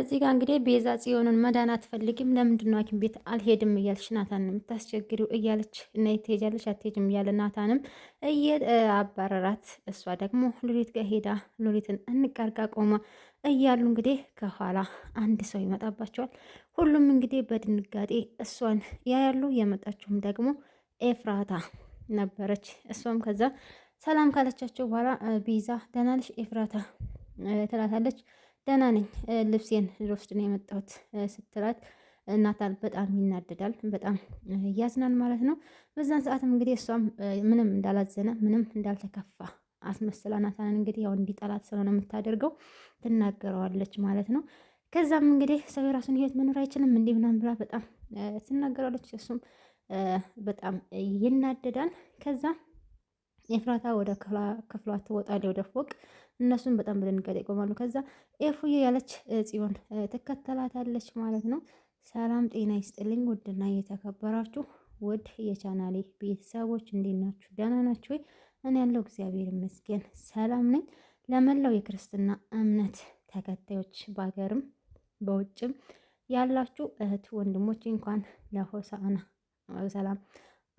እዚህ ጋር እንግዲህ ቤዛ ጽዮንን መዳን አትፈልግም። ለምንድን ነው ሐኪም ቤት አልሄድም እያልሽ ናታንም የምታስቸግሪው እያለች እና ትሄጃለሽ አትሄጅም እያለ ናታንም እየ አባረራት እሷ ደግሞ ሉሊት ጋር ሄዳ ሉሊትን እንቃርጋ ቆመ እያሉ እንግዲህ ከኋላ አንድ ሰው ይመጣባቸዋል። ሁሉም እንግዲህ በድንጋጤ እሷን ያያሉ። የመጣችውም ደግሞ ኤፍራታ ነበረች። እሷም ከዛ ሰላም ካለቻቸው በኋላ ቤዛ ደህና ነሽ ኤፍራታ ትላታለች። ደህና ነኝ ልብሴን ልወስድ ነው የመጣሁት ስትላት ናታል በጣም ይናደዳል፣ በጣም ያዝናል ማለት ነው። በዛን ሰዓትም እንግዲህ እሷም ምንም እንዳላዘነ ምንም እንዳልተከፋ አስመስላ ናታንን እንግዲህ ያው እንዲጠላት ስለሆነ የምታደርገው ትናገረዋለች ማለት ነው። ከዛም እንግዲህ ሰው የራሱን ህይወት መኖር አይችልም እንዲህ ምናምን ብላ በጣም ትናገረዋለች። እሱም በጣም ይናደዳል። ከዛ ኤፍራታ ወደ ክፍሏ ትወጣለች ወደ ፎቅ እነሱን በጣም በድንጋጤ ይቆማሉ። ከዛ ኤፉዬ ያለች ጽዮን ትከተላታለች ማለት ነው። ሰላም ጤና ይስጥልኝ ውድና እየተከበራችሁ ውድ የቻናሌ ቤተሰቦች እንዴት ናችሁ? ደህና ናችሁ ወይ? እኔ ያለው እግዚአብሔር ይመስገን ሰላም ነኝ። ለመላው የክርስትና እምነት ተከታዮች በሀገርም በውጭም ያላችሁ እህት ወንድሞች እንኳን ለሆሳዕና ሰላም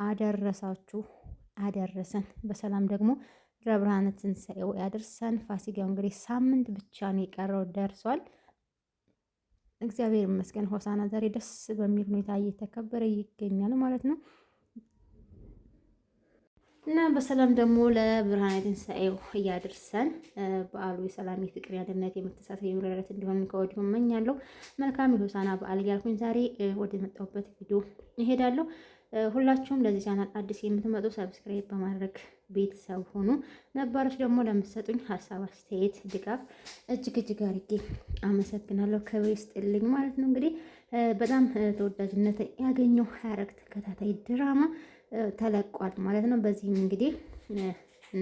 አደረሳችሁ አደረሰን። በሰላም ደግሞ ለብርሃነ ትንሣኤው ያደርሰን። ፋሲካው እንግዲህ ሳምንት ብቻ ነው የቀረው ደርሷል። እግዚአብሔር ይመስገን። ሆሳና ዛሬ ደስ በሚል ሁኔታ እየተከበረ ይገኛል ማለት ነው እና በሰላም ደግሞ ለብርሃነ ትንሣኤው እያደርሰን። በዓሉ የሰላም የፍቅር፣ የአንድነት፣ የመተሳሰብ፣ የመረዳዳት እንዲሆን ከወዲሁ እመኛለሁ። መልካም የሆሳና በዓል እያልኩኝ ዛሬ ወደ መጣሁበት ቪዲዮ ይሄዳለሁ። ሁላችሁም ለዚህ ቻናል አዲስ የምትመጡ ሰብስክራይብ በማድረግ ቤተሰብ ሆኑ። ነባሮች ደግሞ ለምሰጡኝ ሀሳብ፣ አስተያየት፣ ድጋፍ እጅግ እጅግ አድርጌ አመሰግናለሁ። ክብር ይስጥልኝ ማለት ነው። እንግዲህ በጣም ተወዳጅነት ያገኘው ሐረግ ተከታታይ ድራማ ተለቋል ማለት ነው። በዚህም እንግዲህ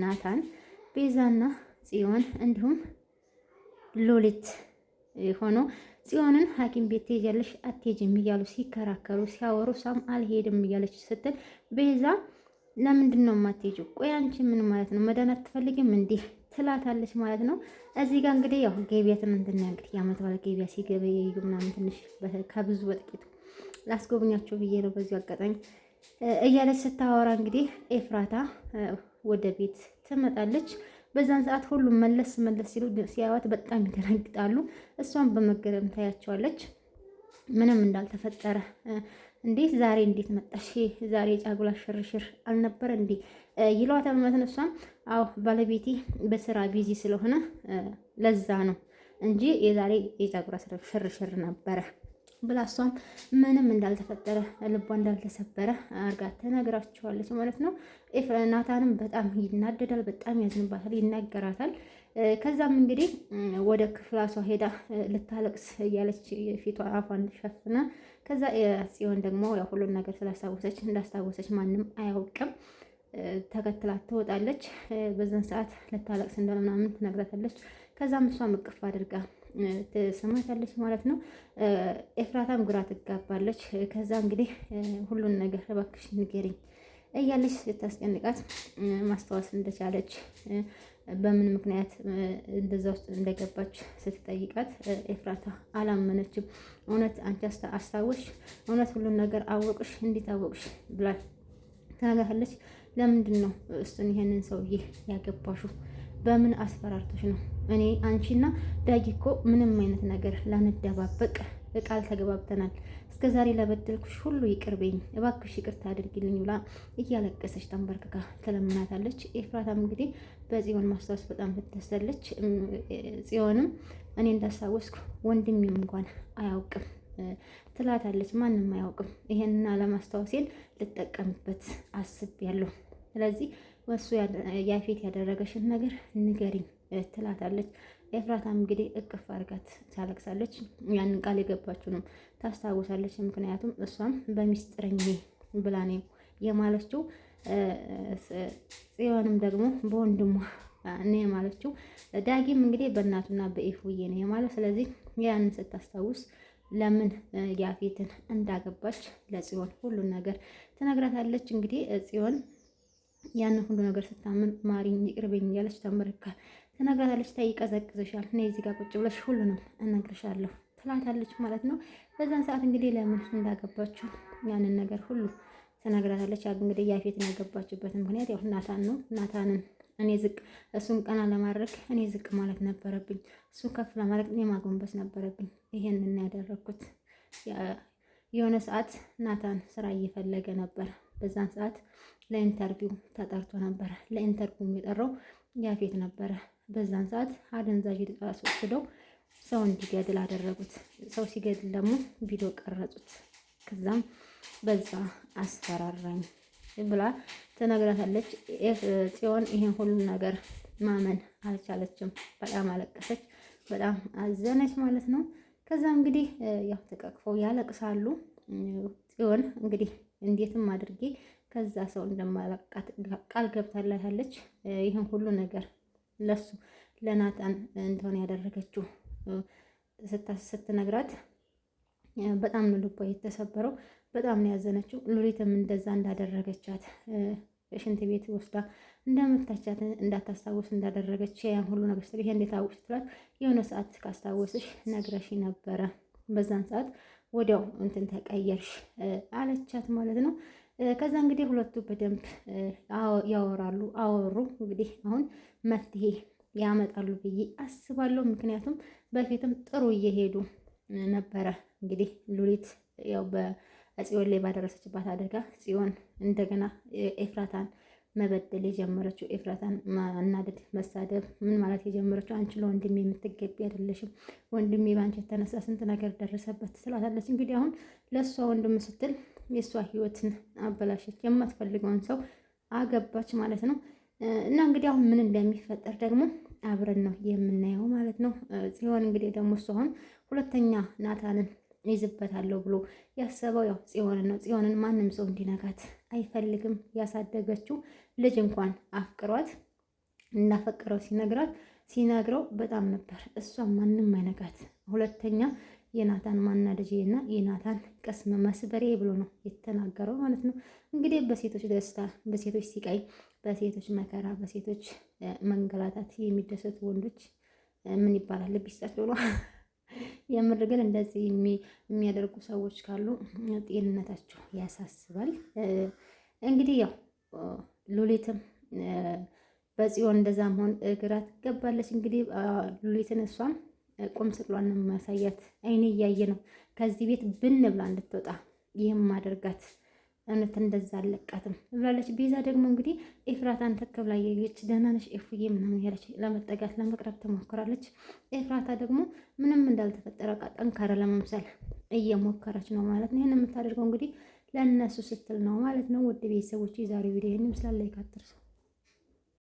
ናታን ቤዛና ጽዮን እንዲሁም ሎሊት ሆኖ ጽዮንን ሐኪም ቤት ትሄጃለሽ አትሄጂም እያሉ ሲከራከሩ ሲያወሩ ሳም አልሄድም እያለች ስትል ቤዛ ለምንድን ነው የማትሄጂው? ቆይ አንቺ ምን ማለት ነው መዳን አትፈልጊም እንዲህ ትላታለች ማለት ነው። እዚህ ጋር እንግዲህ ያው ገቢያ ትናንትና እንግዲህ የዓመት በዓል ገቢያ ሲገበያ ምናምን ትንሽ ከብዙ በጥቂቱ ላስጎብኛቸው ብዬ ነው በዚሁ አጋጣሚ እያለች ስታወራ እንግዲህ ኤፍራታ ወደ ቤት ትመጣለች። በዛን ሰዓት ሁሉም መለስ መለስ ሲሉ ሲያዩት በጣም ይደነግጣሉ። እሷን በመገረም ታያቸዋለች። ምንም እንዳልተፈጠረ እንዴት ዛሬ እንዴት መጣሽ? ዛሬ ጫጉላ ሽርሽር አልነበረ እንዴ ይሏታ በመተነሷም ነው። እሷም አዎ ባለቤቴ በስራ ቢዚ ስለሆነ ለዛ ነው እንጂ የዛሬ የጫጉላ ሽርሽር ነበረ ብላ እሷም ምንም እንዳልተፈጠረ ልቧ እንዳልተሰበረ አርጋ ተነግራቸዋለች ማለት ነው። ናታንም በጣም ይናደዳል፣ በጣም ያዝንባታል፣ ይናገራታል። ከዛም እንግዲህ ወደ ክፍላሷ ሄዳ ልታለቅስ እያለች ፊቷ አፏን ሸፍና ከዛ ጽዮን ደግሞ ያው ሁሉን ነገር ስላስታወሰች እንዳስታወሰች ማንም አያውቅም ተከትላት ትወጣለች። በዛን ሰዓት ልታለቅስ እንደሆነ ምናምን ትነግራታለች። ከዛም እሷም እቅፍ አድርጋ ትሰማታለች ማለት ነው። ኤፍራታም ግራ ትጋባለች። ከዛ እንግዲህ ሁሉን ነገር እባክሽ ንገሪኝ እያለች ስታስጨንቃት ማስታወስ እንደቻለች በምን ምክንያት እንደዛ ውስጥ እንደገባች ስትጠይቃት ኤፍራታ አላመነችም። እውነት አንቺ አስታወሽ፣ እውነት ሁሉን ነገር አወቅሽ? እንዴት አወቅሽ? ብላል ተናግራለች። ለምንድን ነው እሱን ይሄንን ሰውዬ ያገባሹ? በምን አስፈራርቶች ነው? እኔ አንቺና ዳጊ እኮ ምንም አይነት ነገር ለንደባበቅ? ቃል ተገባብተናል። እስከ ዛሬ ለበደልኩሽ ሁሉ ይቅርበኝ፣ እባክሽ ይቅርታ አድርጊልኝ ብላ እያለቀሰች ተንበርክካ ትለምናታለች። ኤፍራታም እንግዲህ በጽዮን ማስታወስ በጣም ትደሰለች። ጽዮንም እኔ እንዳስታወስኩ ወንድሜም እንኳን አያውቅም ትላታለች። ማንም አያውቅም። ይሄንና ለማስታወሴን ልጠቀምበት አስቤያለሁ። ስለዚህ እሱ ያፌት ያደረገሽን ነገር ንገሪኝ ትላታለች። ኤፍራታም እንግዲህ እቅፍ አድርጋት ታለቅሳለች። ያንን ቃል የገባችውንም ታስታውሳለች። ምክንያቱም እሷም በሚስጥረኝ ብላ ነው የማለችው። ጽዮንም ደግሞ በወንድሟ ነው የማለችው። ዳጊም እንግዲህ በእናቱና በኢፉዬ ነው የማለት። ስለዚህ ያንን ስታስታውስ ለምን ያፌትን እንዳገባች ለጽዮን ሁሉን ነገር ትነግራታለች። እንግዲህ ጽዮን ያንን ሁሉ ነገር ስታምን ማሪኝ ይቅርብኝ እያለች ተመርካል ትነግራታለች። ታይ ይቀዘቅዝሻል፣ እኔ እዚህ ጋር ቁጭ ብለሽ ሁሉንም እነግርሻለሁ ትላታለች ማለት ነው። በዛን ሰዓት እንግዲህ ለምን እንዳገባችሁ ያንን ነገር ሁሉ ትነግራታለች። እንግዲህ ያፌትን ያገባችበት ምክንያት ያው ናታን ነው። ናታንን እኔ ዝቅ እሱን ቀና ለማድረግ እኔ ዝቅ ማለት ነበረብኝ፣ እሱ ከፍ ለማድረግ እኔ ማጎንበስ ነበረብኝ። ይሄንን ያደረኩት የሆነ ሰዓት ናታን ስራ እየፈለገ ነበር። በዛን ሰዓት ለኢንተርቪው ተጠርቶ ነበረ። ለኢንተርቪው የጠራው ያፌት ነበረ። በዛን ሰዓት አደንዛዥ ዕፅ ሰው እንዲገድል አደረጉት። ሰው ሲገድል ደግሞ ቪዲዮ ቀረጹት። ከዛም በዛ አስፈራራኝ ብላ ትነግራታለች። ጽዮን ይሄን ሁሉ ነገር ማመን አልቻለችም። በጣም አለቀሰች፣ በጣም አዘነች ማለት ነው። ከዛ እንግዲህ ያው ተቀቅፈው ያለቅሳሉ። ጽዮን እንግዲህ እንዴትም አድርጌ ከዛ ሰው እንደማላቃት ቃል ገብታላታለች። ይህን ሁሉ ነገር ለሱ ለናታን እንደሆነ ያደረገችው ስትነግራት በጣም ነው ልቧ የተሰበረው። በጣም ነው ያዘነችው። ሉሊትም እንደዛ እንዳደረገቻት ሽንት ቤት ወስዳ እንደምታቻት እንዳታስታውስ እንዳደረገች ያን ሁሉ ነገር ስለ ይሄ እንዴት አወቅሽ ትላት። የሆነ ሰዓት ካስታወስሽ ነግረሽ ነበረ፣ በዛን ሰዓት ወዲያው እንትን ተቀየርሽ አለቻት ማለት ነው። ከዛ እንግዲህ ሁለቱ በደንብ ያወራሉ። አወሩ እንግዲህ አሁን መፍትሄ ያመጣሉ ብዬ አስባለሁ። ምክንያቱም በፊትም ጥሩ እየሄዱ ነበረ። እንግዲህ ሉሊት ያው በጽዮን ላይ ባደረሰችባት አደጋ ጽዮን እንደገና ኤፍራታን መበደል የጀመረችው ኤፍራታን ማናደድ፣ መሳደብ፣ ምን ማለት የጀመረችው አንቺ ለወንድሜ የምትገቢ አይደለሽም፣ ወንድሜ በአንቺ የተነሳ ስንት ነገር ደረሰበት ስላታለች። እንግዲህ አሁን ለእሷ ወንድም ስትል የእሷ ህይወትን አበላሸች። የማትፈልገውን ሰው አገባች ማለት ነው። እና እንግዲህ አሁን ምን እንደሚፈጠር ደግሞ አብረን ነው የምናየው ማለት ነው። ጽዮን እንግዲህ ደግሞ እሱ አሁን ሁለተኛ ናታንን ይዝበታለሁ ብሎ ያሰበው ያው ጽዮንን ነው። ጽዮንን ማንም ሰው እንዲነካት አይፈልግም። ያሳደገችው ልጅ እንኳን አፍቅሯት እንዳፈቀረው ሲነግራት ሲነግረው በጣም ነበር እሷ ማንም አይነካት ሁለተኛ የናታን ማናደጅ የናታን ቀስም መስበሬ ብሎ ነው የተናገረው ማለት ነው። እንግዲህ በሴቶች ደስታ፣ በሴቶች ሲቃይ፣ በሴቶች መከራ፣ በሴቶች መንገላታት የሚደሰቱ ወንዶች ምን ይባላል? ልብ ይስጣቸው ነው። የምር ግን እንደዚህ የሚያደርጉ ሰዎች ካሉ ጤንነታቸው ያሳስባል። እንግዲህ ያው ሉሊትም በጽዮን እንደዛ መሆን ግራ ትገባለች። እንግዲህ ሉሊትን እሷም ቁም ስቅሏን ነው የሚያሳያት። አይኔ እያየ ነው ከዚህ ቤት ብን ብላ እንድትወጣ ይህም ማደርጋት እውነት እንደዛ አለቃትም ብላለች። ቤዛ ደግሞ እንግዲህ ኤፍራታን ተከብላ ያየች ደህና ነሽ ኤፍዬ ምናምን ያለች ለመጠጋት ለመቅረብ ትሞክራለች። ኤፍራታ ደግሞ ምንም እንዳልተፈጠረ ቃ ጠንካራ ለመምሰል እየሞከረች ነው ማለት ነው። ይህን የምታደርገው እንግዲህ ለእነሱ ስትል ነው ማለት ነው። ውድ ቤተሰቦች የዛሬ ቪዲዮ ይህን ይመስላል። ላይክ አትርሱ።